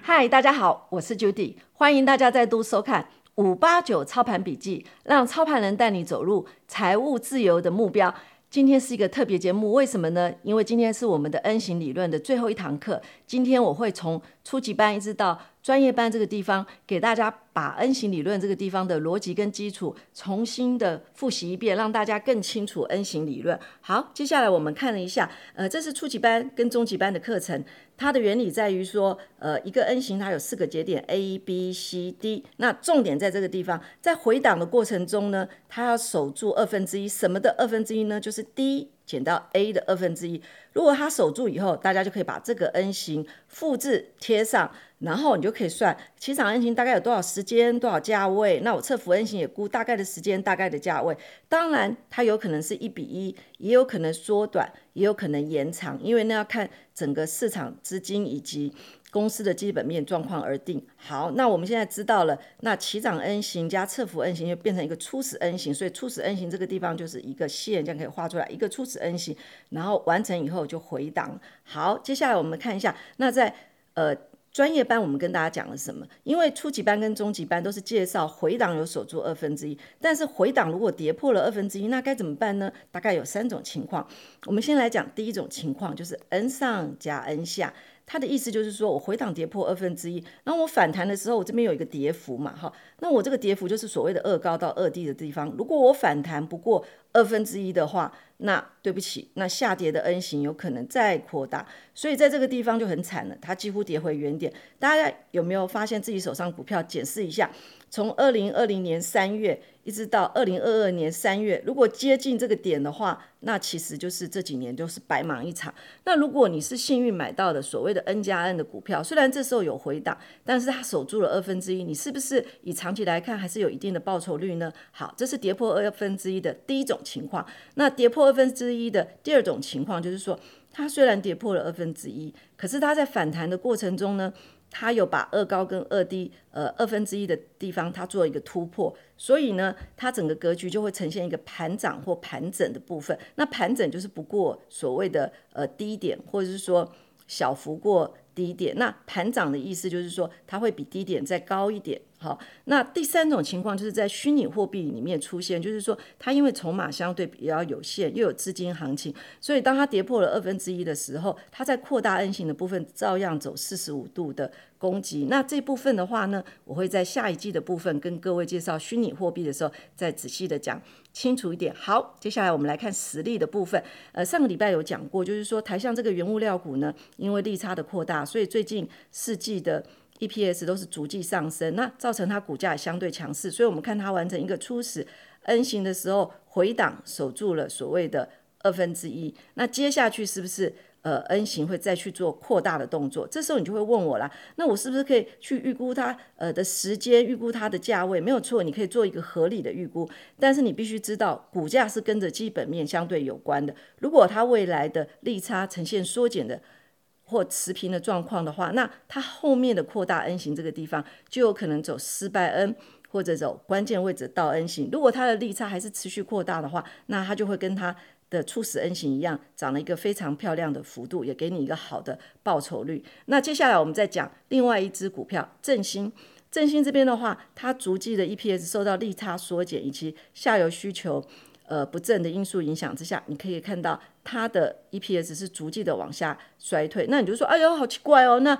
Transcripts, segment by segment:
嗨，Hi, 大家好，我是 Judy，歡迎大家再度收看《五八九操盤筆記》，讓操盤人帶你走入財務自由的目標。今天是一個特別節目，為什麼呢？因為今天是我們的 N 型理論的最後一堂課。今天我會從初級班一直到專業班這個地方，給大家把 N 型理論這個地方的邏輯跟基礎重新的復習一遍，讓大家更清楚 N 型理論。好，接下來我們看了一下，呃，這是初級班跟中級班的課程，它的原理在於說，呃，一個 N 型它有四個節點 A、B、C、D，那重點在這個地方，在回檔的過程中呢，它要守住二分之一，什麼的二分之一呢？就是 D 減到 A 的二分之一。如果它守住以後，大家就可以把這個 N 型複製貼上，然後你就可以算起漲 N 型大概有多少時間、多少價位。那我測幅 N 型也估大概的時間、大概的價位。當然，它有可能是一比一，也有可能縮短，也有可能延長，因為那要看整個市場資金以及公司的基本面狀況而定。好，那我們現在知道了，那起漲 N 型加測幅 N 型就變成一個初始 N 型，所以初始 N 型這個地方就是一個線，這樣可以畫出來一個初始 N 型，然後完成以後。我就回檔。好，接下來我們看一下，那在呃專業班我們跟大家講了什麼？因為初級班跟中級班都是介紹回檔有守住二分之一，但是回檔如果跌破了二分之一，那該怎麼辦呢？大概有三種情況，我們先來講第一種情況，就是 n 上加 n 下，它的意思就是說我回檔跌破二分之一，那我反彈的時候，我這邊有一個跌幅嘛，哈。那我這個跌幅就是所謂的二高到二低的地方，如果我反彈不過二分之一的話，那對不起，那下跌的 N 型有可能再擴大，所以在這個地方就很慘了，它幾乎跌回原點。大家有沒有發現自己手上股票？檢視一下，從二零二零年三月一直到二零二二年三月，如果接近這個點的話，那其實就是這幾年就是白忙一場。那如果你是幸運買到的所謂的 N 加 N 的股票，雖然這時候有回檔，但是它守住了二分之一，2, 你是不是以長？整體來看，還是有一定的報酬率呢。好，這是跌破二分之一的第一種情況。那跌破二分之一的第二種情況，就是說，它雖然跌破了二分之一，2, 可是它在反彈的過程中呢，它有把二高跟二低呃二分之一的地方，它做一個突破，所以呢，它整個格局就會呈現一個盤漲或盤整的部分。那盤整就是不過所謂的呃低點，或者是說小幅過低點。那盤漲的意思就是說，它會比低點再高一點。好，那第三種情況就是在虛擬貨幣裡面出現，就是說它因為籌碼相對比較有限，又有資金行情，所以當它跌破了二分之一的時候，它在擴大 N 型的部分照樣走四十五度的攻擊。那這部分的話呢，我會在下一季的部分跟各位介紹虛擬貨幣的時候再仔細的講清楚一點。好，接下來我們來看實例的部分。呃，上個禮拜有講過，就是說台上這個原物料股呢，因為利差的擴大，所以最近四季的。EPS 都是逐季上升，那造成它股價也相對強勢，所以我們看它完成一個初始 N 型的時候，回檔守住了所謂的二分之一。2，那接下去是不是呃 N 型會再去做擴大的動作？這時候你就會問我啦，那我是不是可以去預估它呃的時間，預估它的價位？沒有錯，你可以做一個合理的預估，但是你必須知道股價是跟着基本面相對有關的。如果它未來的利差呈現縮減的，或持平的狀況的話，那它後面的擴大 N 型這個地方就有可能走失敗 N，或者走關鍵位置到 N 型。如果它的利差還是持續擴大的話，那它就會跟它的初始 N 型一樣，漲了一個非常漂亮的幅度，也給你一個好的報酬率。那接下來我們再講另外一支股票，正興，正興這邊的話，它逐季的 EPS 受到利差縮減以及下游需求呃不振的因素影響之下，你可以看到。它的 EPS 是逐季的往下衰退，那你就說，哎喲，好奇怪哦！那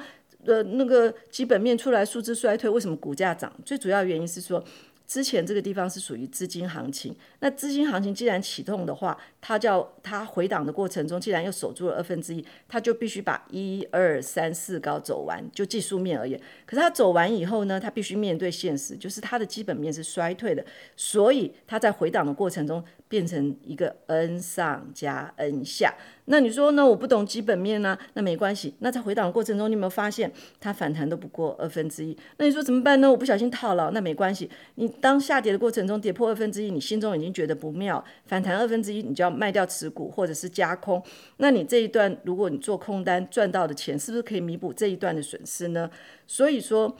呃，那個基本面出來數字衰退，為什麼股價漲？最主要原因是說，之前這個地方是屬於資金行情，那資金行情既然啟動的話，它叫它回檔的過程中，既然又守住了二分之一，它就必須把一二三四高走完，就技術面而言。可是它走完以後呢，它必須面對現實，就是它的基本面是衰退的，所以它在回檔的過程中。變成一個 N 上加 N 下，那你說呢？我不懂基本面呢、啊，那沒關係。那在回檔過程中，你有沒有發現它反彈都不過二分之一？那你說怎麼辦呢？我不小心套牢，那沒關係。你當下跌的過程中跌破二分之一，你心中已經覺得不妙，反彈二分之一，你就要賣掉持股或者是加空。那你這一段，如果你做空單賺到的錢，是不是可以彌補這一段的損失呢？所以說，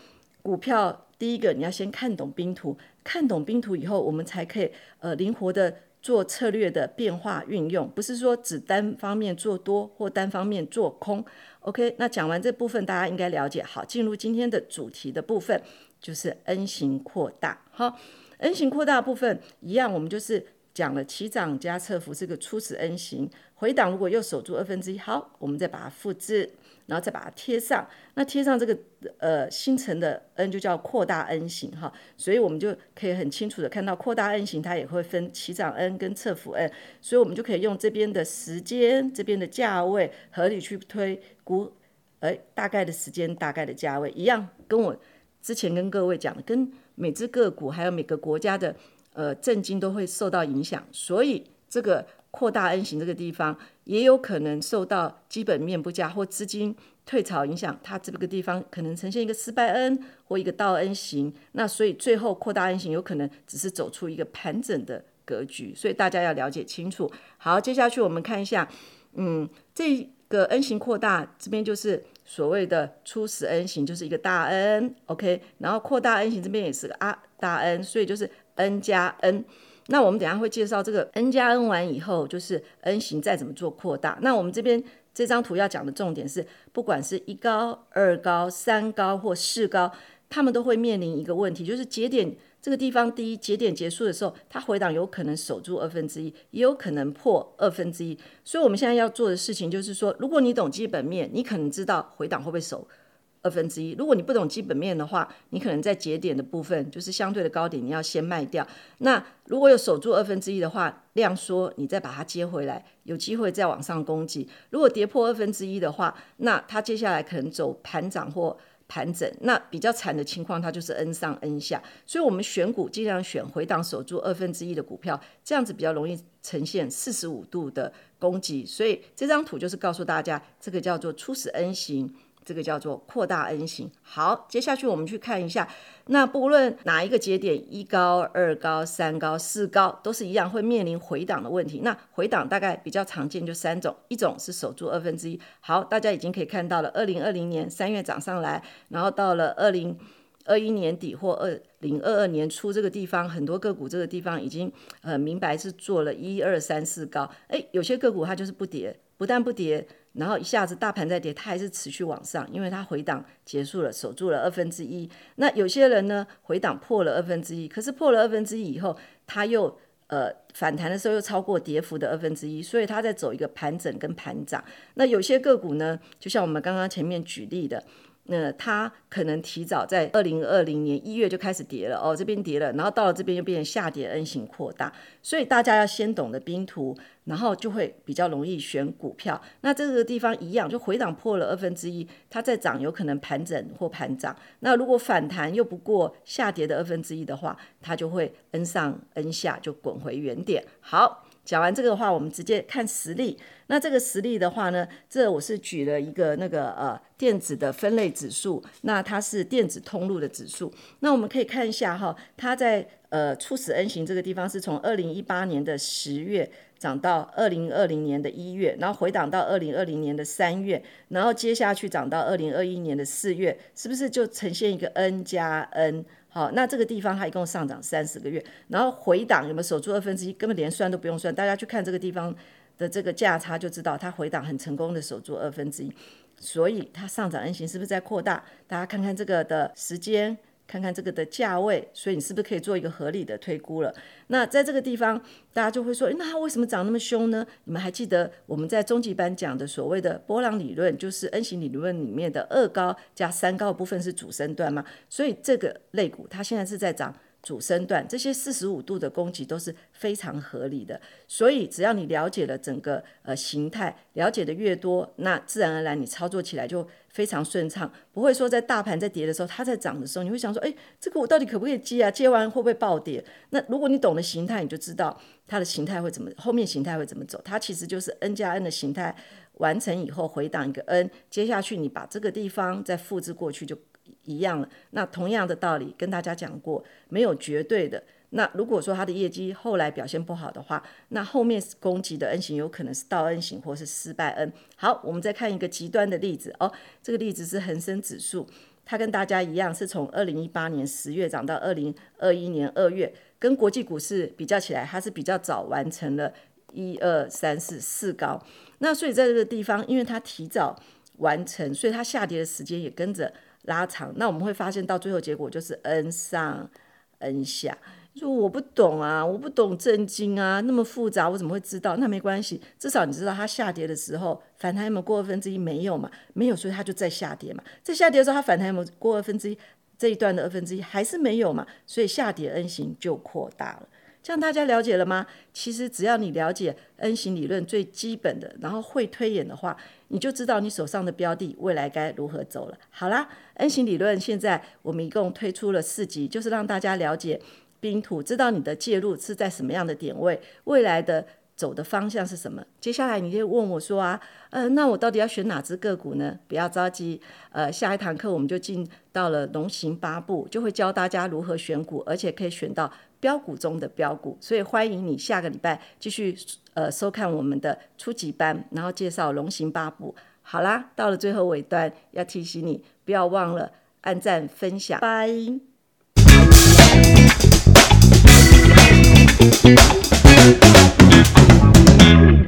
股票第一個你要先看懂冰圖，看懂冰圖以後，我們才可以呃靈活的做策略的變化運用，不是說只單方面做多或單方面做空。OK，那講完這部分，大家應該了解。好，進入今天的主題的部分，就是 N 型擴大哈。N 型擴大部分一樣，我們就是講了起漲加測幅這個初始 N 型。回檔如果又守住二分之一，2, 好，我們再把它複製，然後再把它貼上。那貼上這個呃新成的 N 就叫擴大 N 型哈，所以我們就可以很清楚的看到擴大 N 型，它也會分起漲 N 跟測幅 N，所以我們就可以用這邊的時間、這邊的價位合理去推估，誒、哎，大概的時間、大概的價位一樣，跟我之前跟各位講的，跟每隻個股還有每個國家的呃政經都會受到影響，所以這個。擴大 N 型這個地方也有可能受到基本面不佳或資金退潮影響，它這個地方可能呈現一個失敗 N 或一個倒 N 型，那所以最後擴大 N 型有可能只是走出一個盤整的格局，所以大家要了解清楚。好，接下去我們看一下，嗯，這個 N 型擴大這邊就是所謂的初始 N 型，就是一個大 N，OK，okay？然後擴大 N 型這邊也是個啊大 N，所以就是 N 加 N。那我們等下會介紹這個 N 加 N 完以後，就是 N 型再怎麼做擴大。那我們這邊這張圖要講的重點是，不管是一高、二高、三高或四高，他們都會面臨一個問題，就是節點這個地方，第一節點結束的時候，它回檔有可能守住二分之一，也有可能破二分之一。所以我們現在要做的事情就是說，如果你懂基本面，你可能知道回檔會不會守。二分之一。如果你不懂基本面的話，你可能在節點的部分就是相對的高點，你要先賣掉。那如果有守住二分之一的話，量縮，你再把它接回來，有機會再往上攻擊。如果跌破二分之一的話，那它接下來可能走盤漲或盤整。那比較慘的情況，它就是 N 上 N 下。所以，我們選股儘量選回檔守住二分之一的股票，這樣子比較容易呈現四十五度的攻擊。所以，這張圖就是告訴大家，這個叫做初始 N 型。這個叫做擴大 N 型。好，接下去我們去看一下，那不論哪一個節點，一高、二高、三高、四高，都是一樣會面臨回檔的問題。那回檔大概比較常見就三種，一種是守住二分之一。好，大家已經可以看到了，二零二零年三月漲上來，然後到了二零二一年底或二零二二年初這個地方，很多個股這個地方已經呃明白是做了一二三四高。誒，有些個股它就是不跌，不但不跌。然後一下子大盤在跌，它還是持續往上，因為它回檔結束了，守住了二分之一。那有些人呢，回檔破了二分之一，可是破了二分之一以後，它又呃反彈的時候又超過跌幅的二分之一，所以它在走一個盤整跟盤漲。那有些個股呢，就像我們剛剛前面舉例的。那、呃、它可能提早在二零二零年一月就開始跌了哦，這邊跌了，然後到了這邊又變成下跌 N 型擴大，所以大家要先懂得冰圖，然後就會比較容易選股票。那這個地方一樣，就回檔破了二分之一，2，它再漲有可能盤整或盤漲。那如果反彈又不過下跌的二分之一的話，它就會 N 上 N 下就滾回原點。好。講完這個的話，我們直接看實例。那這個實例的話呢，這我是舉了一個那個呃電子的分類指數，那它是電子通路的指數。那我們可以看一下哈，它在呃初始 N 型這個地方是從二零一八年的十月漲到二零二零年的一月，然後回檔到二零二零年的三月，然後接下去漲到二零二一年的四月，是不是就呈現一個 N 加 N？好，那這個地方它一共上漲三十個月，然後回檔有沒有守住二分之一？根本連算都不用算，大家去看這個地方的這個價差就知道它回檔很成功的守住二分之一，所以它上漲 N 型是不是在擴大？大家看看這個的時間。看看這個的價位，所以你是不是可以做一個合理的推估了？那在這個地方，大家就會說，誒，那它為什麼漲那麼兇呢？你們還記得我們在中級班講的所謂的波浪理論，就是 N 型理論裡面的二高加三高部分是主升段嗎？所以這個類股它現在是在漲。主升段這些四十五度的攻擊都是非常合理的，所以只要你了解了整個呃形態，了解得越多，那自然而然你操作起來就非常順暢，不會說在大盤在跌的時候，它在漲的時候，你會想說，哎，這個我到底可不可以接啊？接完會不會暴跌？那如果你懂了形態，你就知道它的形態會怎麼，後面形態會怎麼走。它其實就是 N 加 N 的形態完成以後回檔一個 N，接下去你把這個地方再複製過去就一樣。那同樣的道理跟大家講過，沒有絕對的。那如果說它的業績後來表現不好的話，那後面攻擊的 N 型有可能是倒 N 型或是失敗 N。好，我們再看一個極端的例子哦，這個例子是恆生指數，它跟大家一樣是從二零一八年十月漲到二零二一年二月，跟國際股市比較起來，它是比較早完成了一二三四四高。那所以在這個地方，因為它提早完成，所以它下跌的時間也跟着。拉長，那我們會發現到最後結果就是 N 上 N 下。就我不懂啊，我不懂正經啊，那麼複雜，我怎麼會知道？那沒關係，至少你知道它下跌的時候反彈有沒有過二分之一？沒有嘛，沒有，所以它就在下跌嘛。在下跌的時候，它反彈有沒有過二分之一？2，這一段的二分之一還是沒有嘛，所以下跌 N 型就擴大了。這樣大家了解了嗎？其實只要你了解 N 型理論最基本的，然後會推演的話。你就知道你手上的標的未來該如何走了。好啦，N 型理論現在我們一共推出了四集，就是讓大家了解冰土，知道你的介入是在什麼樣的點位，未來的。走的方向是什麼？接下來你就問我說啊，呃，那我到底要選哪隻個股呢？不要着急，呃，下一堂課我們就進到了龍行八步，就會教大家如何選股，而且可以選到飆股中的飆股。所以歡迎你下個禮拜繼續呃收看我們的初級班，然後介紹龍行八步。好啦，到了最後尾端，要提醒你不要忘了按讚分享，拜。